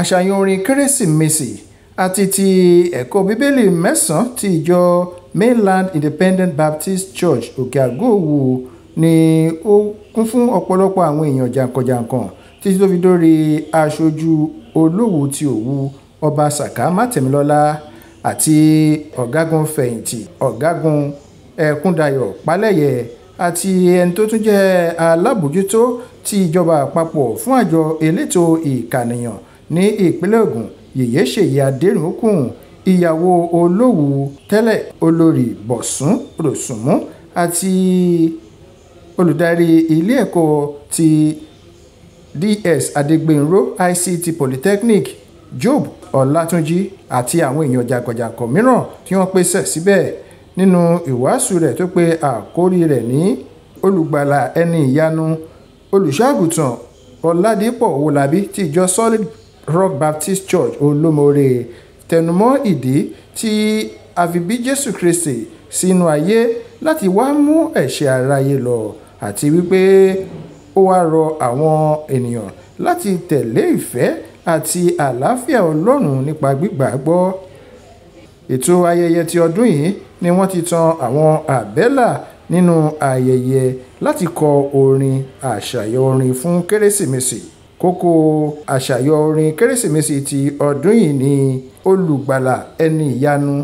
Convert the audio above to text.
àṣàyàn orin kérésìmesì àti ti ẹ̀kọ́ bíbélì mẹ́sàn-án ti ìjọ mainland independent baptist church òkè àgọ́wù ni ó kún fún ọ̀pọ̀lọpọ̀ àwọn èèyàn jàǹkànjàǹkàn títí tó fi dórí aṣojú olówù ti òwu ọba saka mátẹ̀mílọ́lá àti ọ̀gágun fẹ̀yìntì ọ̀gágun ẹ̀kúndayọ̀ pálẹ̀yẹ àti ẹni tó tún jẹ́ alábòjútó ti ìjọba àpapọ̀ fún àjọ elétò ìkànìyàn ní ìpínlẹ̀ Ògùn yèyé ṣèyí adẹ́rìnókùn ìyàwó olówù tẹ́lẹ̀ olórí bọ̀sùn ròsùnmú àti olùdarí ilé ẹ̀kọ́ ti DS adégbènró ICT Polytechnic Job ọlátúnjí àti àwọn èèyàn jàǹkànjàǹkàn mìíràn tí wọ́n pèsè síbẹ̀ nínú ìwàásù rẹ̀ tó pe àkórí rẹ̀ ní olùgbàlà ẹni ìyanu olùṣọ́àgùtàn ọ̀làdìpọ̀ owólabí tí solid rock baptist church olúmọ̀ọ́rẹ́ tẹnumọ́ ìdí tí a fi bí jésù kristi sínú ayé láti wá mú ẹ̀ṣẹ̀ aráyé lọ àti wípé ó wá rọ àwọn ènìyàn láti tẹ̀lé ìfẹ́ àti àlàáfíà ọlọ́run nípa gbígbàgbọ́ ètò ayẹyẹ ti ọdún yìí ni wọ́n ti tan àwọn àbẹ́là nínú ayẹyẹ láti kọ orin àṣàyọ orin fún kérésìmesì kókó àṣàyọ orin kérésìmesì ti ọdún yìí ni olùgbàlà ẹni ìyanu